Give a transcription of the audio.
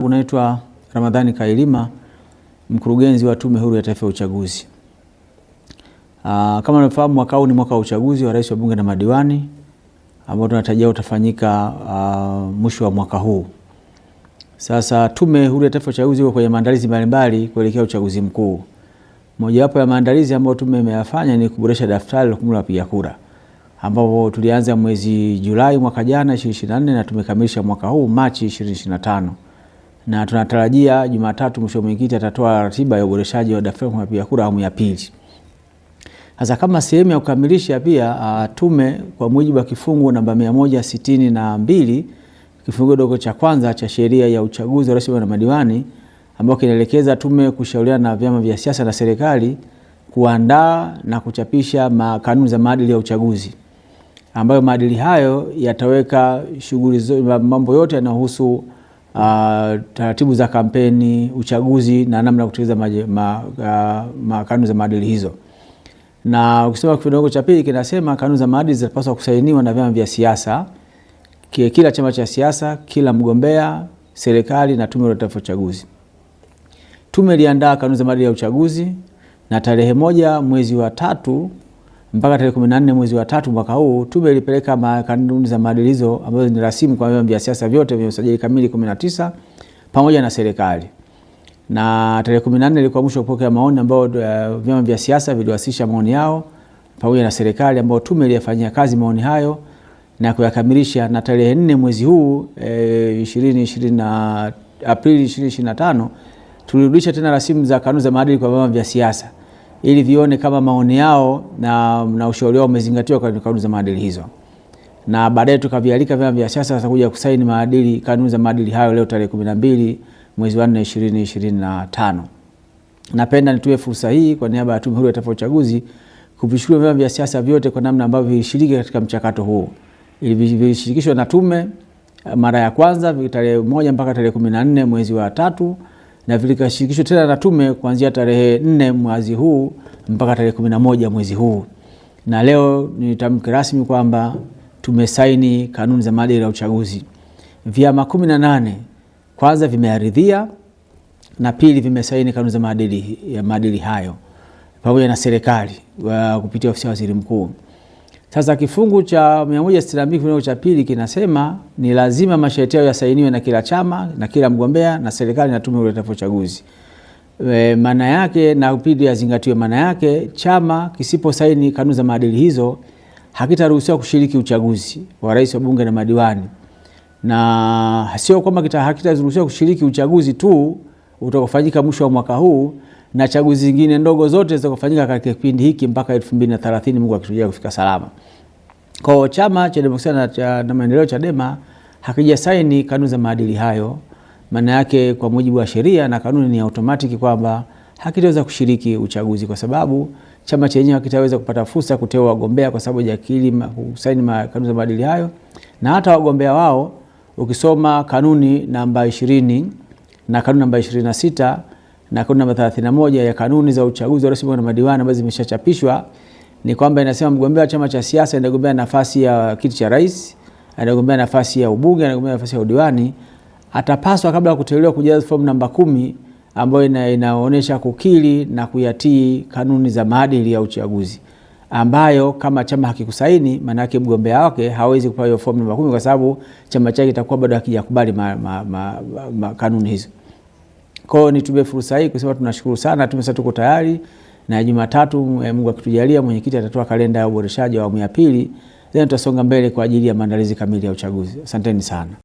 Unaitwa Ramadhani Kailima, mkurugenzi wa Tume Huru ya Taifa ya Uchaguzi. Aa, ah, kama unafahamu mwaka huu ni mwaka wa uchaguzi wa rais wa bunge na madiwani ambao tunatarajia utafanyika ah, mwisho wa mwaka huu. Sasa Tume Huru ya Taifa ya Uchaguzi iko kwenye maandalizi mbalimbali kuelekea uchaguzi mkuu. Mojawapo ya maandalizi ambayo tume imeyafanya ni kuboresha daftari la kudumu la wapiga kura ambapo tulianza mwezi Julai mwaka jana 2024 na tumekamilisha mwaka huu Machi 2025 na tunatarajia Jumatatu mwisho mwenyekiti atatoa ratiba ya uboreshaji wa daftari la wapiga kura awamu ya pili. Sasa kama sehemu ya kukamilisha pia uh, tume kwa mujibu wa kifungu namba mia moja sitini na mbili kifungu dogo cha kwanza cha sheria ya uchaguzi wa rais na madiwani ambayo kinaelekeza tume kushauriana na vyama vya siasa na serikali kuandaa na kuchapisha kanuni za maadili ya uchaguzi ambayo maadili hayo yataweka shughuli mambo yote yanayohusu uh, taratibu za kampeni, uchaguzi na namna ya kutekeleza ma, uh, kanuni za maadili hizo. Na ukisoma kifungu cha pili kinasema kanuni za maadili zinapaswa kusainiwa na vyama vya siasa, kila chama cha siasa, kila mgombea, serikali na tume ya taifa ya uchaguzi. Tume iliandaa kanuni za maadili ya uchaguzi na tarehe moja mwezi wa tatu mpaka tarehe kumi na nne mwezi wa tatu mwaka huu tume ilipeleka kanuni za maadilizo ambazo ni rasimu kwa vyama vya siasa vyote vyenye usajili kamili kumi na tisa pamoja na serikali. Na tarehe kumi na nne ilikuwa mwisho kupokea maoni ambao eh, vyama vya siasa viliwasilisha maoni yao pamoja na serikali ambayo tume iliyafanyia kazi maoni hayo na kuyakamilisha, na tarehe nne mwezi huu e, 20, 20, Aprili 2025 tulirudisha tena rasimu za kanuni za maadili kwa vyama vya siasa ili vione kama maoni yao na, na ushauri wao umezingatiwa katika kanuni za maadili hizo, na baadaye tukavialika vyama vya siasa sasa kuja kusaini maadili, kanuni za maadili hayo leo tarehe 12 mwezi wa 4 2025. Napenda nitoe fursa hii kwa niaba ya Tume Huru ya Taifa ya Uchaguzi kuvishukuru vyama vya siasa vyote kwa namna ambavyo vilishiriki katika mchakato huu. Vilishirikishwa na tume eh, mara ya kwanza tarehe moja mpaka tarehe 14 mwezi wa tatu na vilikashirikishwa tena na tume kuanzia tarehe nne mwezi huu mpaka tarehe kumi na moja mwezi huu, na leo nitamke rasmi kwamba tumesaini kanuni za maadili ya uchaguzi. Vyama kumi na nane kwanza vimearidhia na pili vimesaini kanuni za maadili ya maadili hayo pamoja na serikali kupitia ofisi ya waziri mkuu. Sasa kifungu cha 162 kifungu cha pili kinasema ni lazima masharti hayo yasainiwe na kila chama na kila mgombea na serikali na tume ya uchaguzi. E, maana yake na upidi yazingatiwe. Maana yake chama kisiposaini kanuni za maadili hizo hakitaruhusiwa kushiriki uchaguzi wa rais wa bunge na madiwani, na sio kwamba hakitaruhusiwa kushiriki uchaguzi tu utakofanyika mwisho wa mwaka huu na chaguzi zingine ndogo zote za kufanyika katika kipindi hiki mpaka 2030 Mungu akitujalia kufika salama. Kwa chama cha demokrasia na, cha, na maendeleo Chadema hakijasaini kanuni za maadili hayo. Maana yake kwa mujibu wa sheria na kanuni ni automatic kwamba hakitaweza kushiriki uchaguzi kwa sababu chama chenyewe hakitaweza kupata fursa kuteua wagombea kwa sababu ya kili kusaini ma, kanuni za maadili hayo, na hata wagombea wao ukisoma kanuni namba 20 na kanuni namba ishirini na kuna namba moja ya kanuni za uchaguzi wa rais na madiwani ambazo zimeshachapishwa ni kwamba inasema mgombea wa chama cha siasa anagombea nafasi ya kiti cha rais, anagombea nafasi ya ubunge, anagombea nafasi ya udiwani, atapaswa kabla ya kuteuliwa kujaza fomu namba kumi ambayo ina, inaonyesha kukiri na kuyatii kanuni za maadili ya uchaguzi, ambayo kama chama hakikusaini, maana yake mgombea wake hawezi kupewa hiyo fomu namba kumi kwa sababu chama chake kitakuwa bado hakijakubali kanuni hizo kwao. nitumie fursa hii kusema tunashukuru sana, tumesema tuko tayari na Jumatatu eh, Mungu akitujalia, mwenyekiti atatoa kalenda ya uboreshaji wa awamu ya pili, then tutasonga mbele kwa ajili ya maandalizi kamili ya uchaguzi. Asanteni sana.